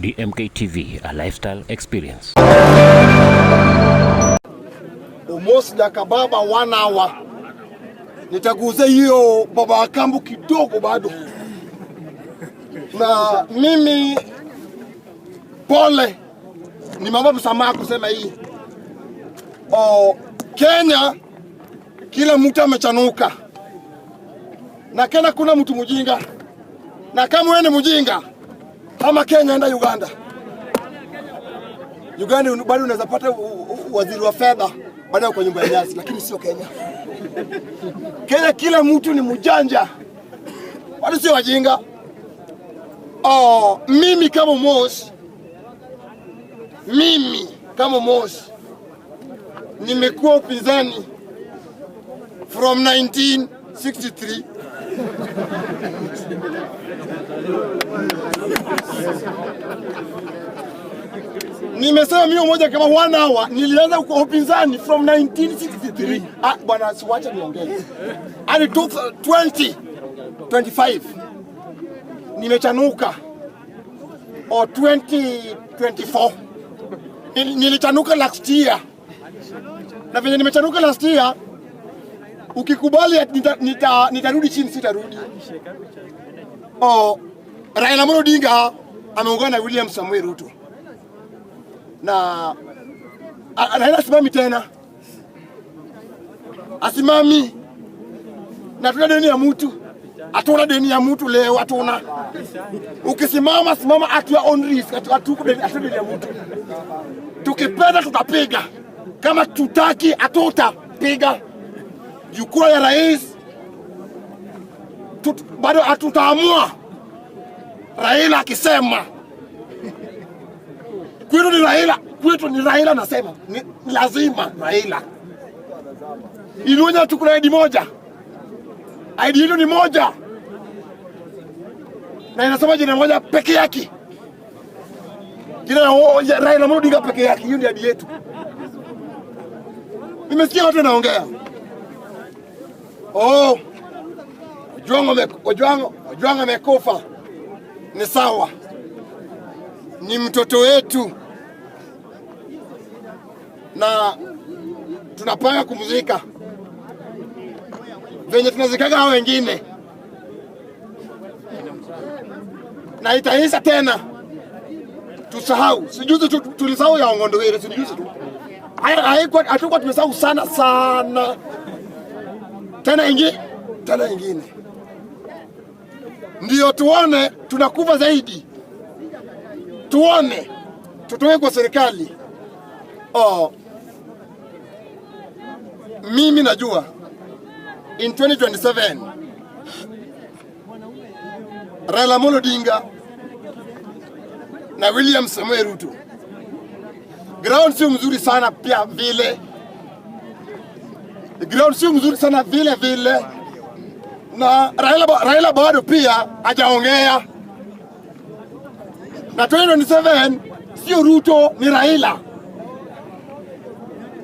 DMK TV, a lifestyle experience. Almost like ababa one hour. Nitaguze hiyo baba kambu kidogo bado, na mimi pole, nimeomba msamaha kusema hii o, Kenya kila mtu amechanuka, na Kenya kuna mtu mjinga, na kama wewe ni mjinga ama Kenya enda Uganda. Uganda bado unaweza pata waziri wa fedha baada ya kwa nyumba ya nyasi, lakini sio Kenya. Kenya kila mtu ni mjanja, watu sio wajinga. Oh, mimi kama mos mimi kama Mos nimekuwa upinzani from 1963 Nimesema mimi umoja kama one hour, nilianza kwa upinzani from 1963. Ah, bwana siwacha niongee. Hadi 20 25 nimechanuka or 2024 nilichanuka last year, na venye nimechanuka last year, ukikubali nitarudi nita, nita chini, sitarudi. Oh, Raila Amolo Odinga ameongea na William Samuel Ruto na anaenda asimami tena, asimami na tuna deni ya mtu, atuna deni ya mtu leo, atuna Ukisimama simama at your own risk, hatuna deni ya mtu. Tukipenda tutapiga, kama tutaki hatutapiga. Jukwaa ya rais bado atutaamua. Raila akisema kwetu ni Raila, kwetu ni Raila, nasema ni lazima Raila. Ilunya tukuna ID moja, ID hilo ni moja na inasema jina moja peke yake, jina ya Raila Odinga peke yake. Hiyo ndio ID yetu. Nimesikia watu wanaongea oh, Ojwang' amekufa ni sawa, ni mtoto wetu na tunapanga kumzika venye tunazikaga hao wengine, na itaisha tena tusahau. Sijuzi tulisahau ya ile, sijuzi tu haikuwa, hatukuwa tumesahau sana sana tena ingi tena ingine ndio tuone tunakuva zaidi, tuone tutoke kwa serikali. Oh, mimi najua in 2027 Raila Amolo Odinga na William Samoei Ruto, ground sio mzuri sana pia vile, ground sio mzuri sana vile vile na Raila, Raila bado pia hajaongea na 2027 sio Ruto, ni Raila.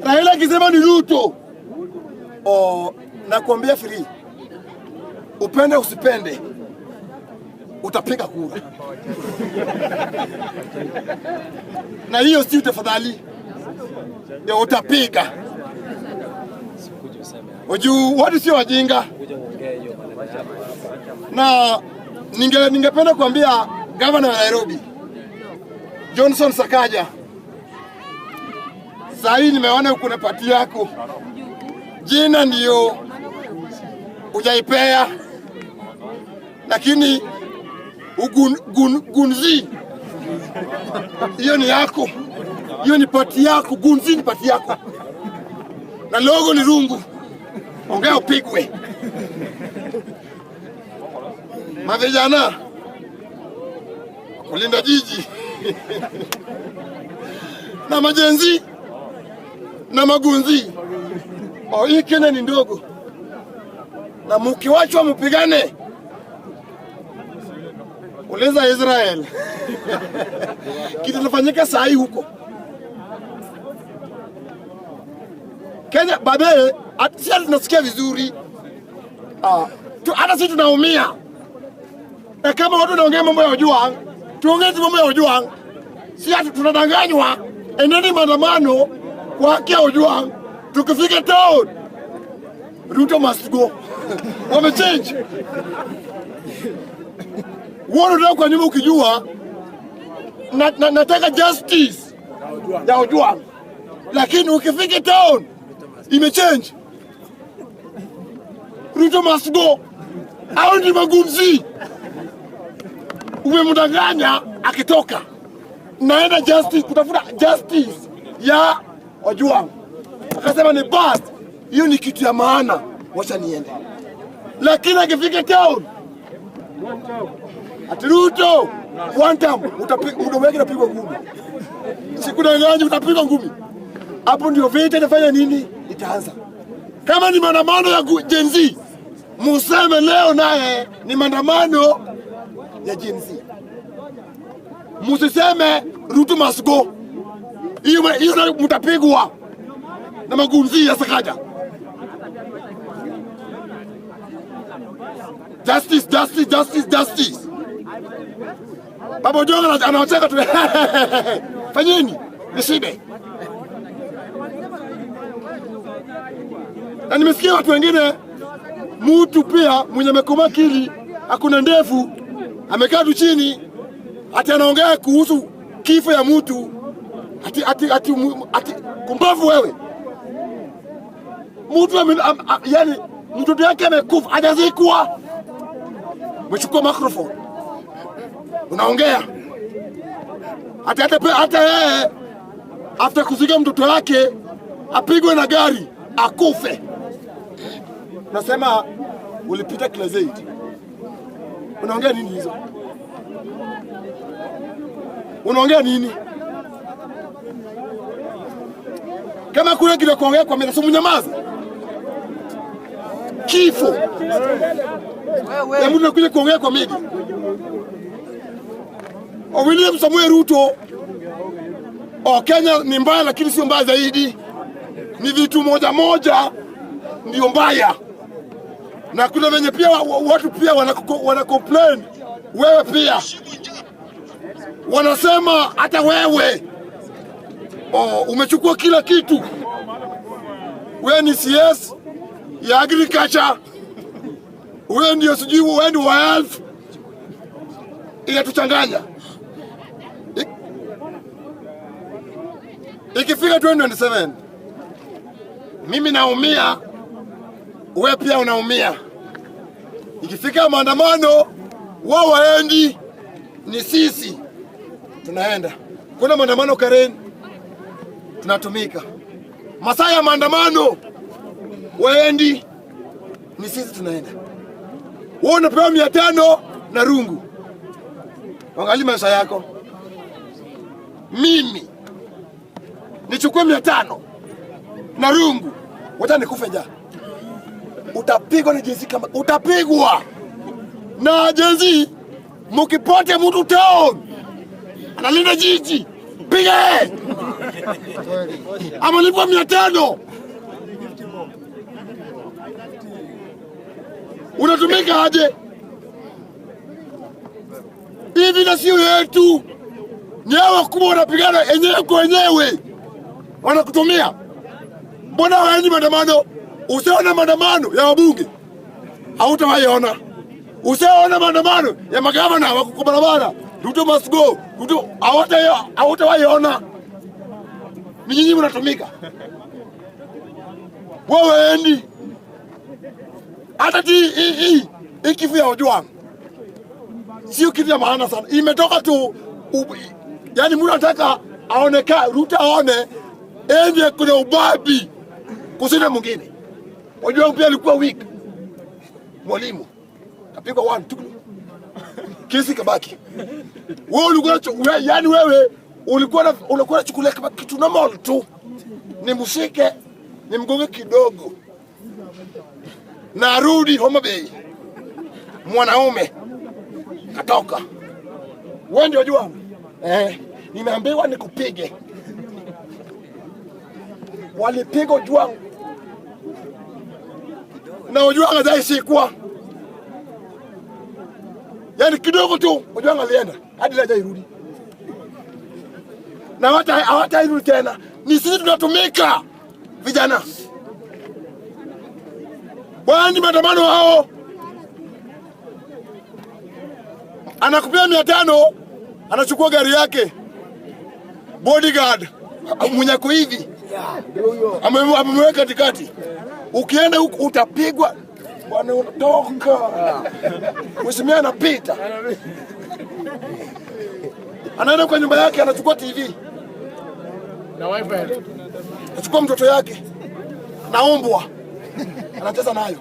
Raila akisema ni Ruto oh, nakuambia free, upende usipende, utapiga kura na hiyo si tafadhali, utapiga ujuu, watu sio wajinga na ninge, ningependa kuambia gavana wa Nairobi Johnson Sakaja, saa hii nimeona uko na pati yako, jina ndiyo ujaipea, lakini ugunzi hiyo ni yako, hiyo ni pati yako. Gunzi ni pati yako na logo ni rungu, ongea upigwe mavijana kulinda jiji na majenzi na magunzi o, oh, hii Kenya ni ndogo, na mukiwachwa mupigane. Uliza Israel kitatafanyika saa hii huko Kenya babe, si tunasikia vizuri ah hata sisi tunaumia. Na kama watu wanaongea mambo ya ujua, tuongeze mambo ya ujua, si tunadanganywa. Endeni maandamano kwa haki ya ujua, tukifika town Ruto must go. Wamechange ndio kwa nyuma ukijua na, na, nataka justice ya ujua, lakini ukifika town imechange Ruto must go au ni magumzi? Umemdanganya akitoka, naenda justice kutafuta justice ya wajua Akasema ni bas, hiyo ni kitu ya maana, wacha niende. Lakini akifika town ati Ruto one time mdomo wake utapigwa ngumi, sikudanganya, utapigwa ngumi. Hapo ndio vita inafanya nini? Itaanza kama ni maandamano ya Gen Z museme leo naye ni maandamano ya Gen Z. Musiseme Ruto must go, iwe hizo mtapigwa na magunzi ya Sakaja. Justice, justice, justice, justice. Baba Jonga anawacheka tu. Fanyeni nishibe. Na nimesikia watu wengine mutu pia mwenye amekoma kili hakuna ndevu, amekaa tu chini, ati anaongea kuhusu kifo ya mutu ati, ati, ati, ati kumbavu wewe mutu am, am, yani mtoto yake amekufa hajazikwa, umechukua microphone unaongea ati hata hata eh, kuzika mtoto wake apigwe na gari akufe. Nasema ulipita class 8. Unaongea nini hizo? Unaongea nini? Kama kuna kile kuongea kwa sumu nyamaza. Kifo. Hebu nakuja kuongea kwa mimi. O William Samuel Ruto. O oh, Kenya ni mbaya lakini sio mbaya zaidi. Ni vitu moja moja ndio mbaya na kuna wenye pia watu pia wana complain wewe pia wanasema hata wewe oh, umechukua kila kitu. Wewe ni CS ya agriculture, wewe ndio sijui, wewe ni wa health. Inatuchanganya ikifika 2027 mimi naumia wewe pia unaumia. Ikifika maandamano wao waendi, ni sisi tunaenda. Kuna maandamano Karen, tunatumika masaa ya maandamano, waendi, ni sisi tunaenda. Wewe unapewa mia tano na rungu, wangali maisha yako. Mimi nichukue mia tano na rungu, wacha nikufe njaa utapigwa na jezi kama utapigwa na jezi. Mukipote mtu town analinda jiji, piga amalipwa mia tano unatumika aje hivi? Na sio yetu nyewe, wakubwa wanapigana enyewe kwa wenyewe, wanakutumia. Mbona waendi maandamano? Usiona maandamano ya wabunge, hautawaiona. Usiona maandamano ya magavana wa kwa barabara, Ruto must go, Ruto, hautawaiona. Ni nyinyi mnatumika, wawendi hata hii ikifu ya Ojwang sio kitu ya maana sana, imetoka tu yani, mtu anataka aoneka Ruto aone ende kuna ubabi kusina mwingine. Mwalimu wangu pia alikuwa weak. Mwalimu kapigwa one two. Kesi kabaki. Wewe ulikuwa wewe, yani wewe ulikuwa na ulikuwa unachukulia kama kitu normal tu. Nimshike, nimgonge kidogo. Narudi Homa Bay. Mwanaume katoka. Wewe ndio jua. Eh, nimeambiwa nikupige. Walipiga juangu na Ojwanga zaishikwa, yani kidogo tu Ojwanga alienda hadi leo hairudi, na hawatairudi tena. Ni sisi tunatumika vijana bwani, maandamano hao anakupia mia tano anachukua gari yake bodyguard mwenye hivi amemweka katikati ukienda huku utapigwa wanatoka mheshimiwa anapita anaenda kwa nyumba yake anachukua TV na wifi, mtoto yake naombwa anacheza nayo,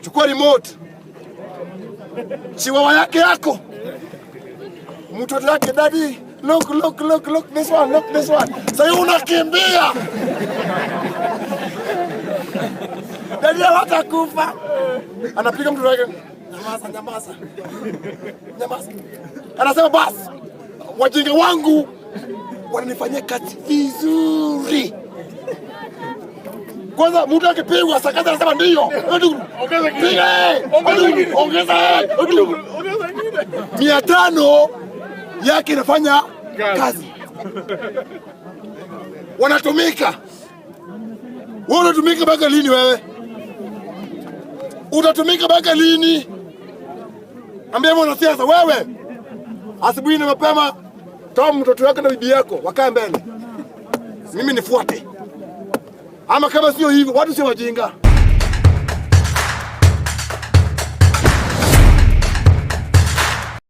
chukua remote chiwawa yake yako mtoto yake, dadi look, look, look, look this one, look this one. Sasa unakimbia Raila kufa. Anapiga mtu wake nyamaza, nyamaza, nyamaza, anasema basi, wajinga wangu wananifanyia kazi vizuri. Kwanza mtu akipigwa sakata anasema ndio, piga ongeza mia tano yake inafanya kazi, wanatumika wewe, unatumika mpaka lini wewe? utatumika mpaka lini? Ambia mwanasiasa wewe, asubuhi na mapema, toa mtoto wako na bibi yako wakae mbele, mimi nifuate, ama kama sio hivyo watu sio wajinga.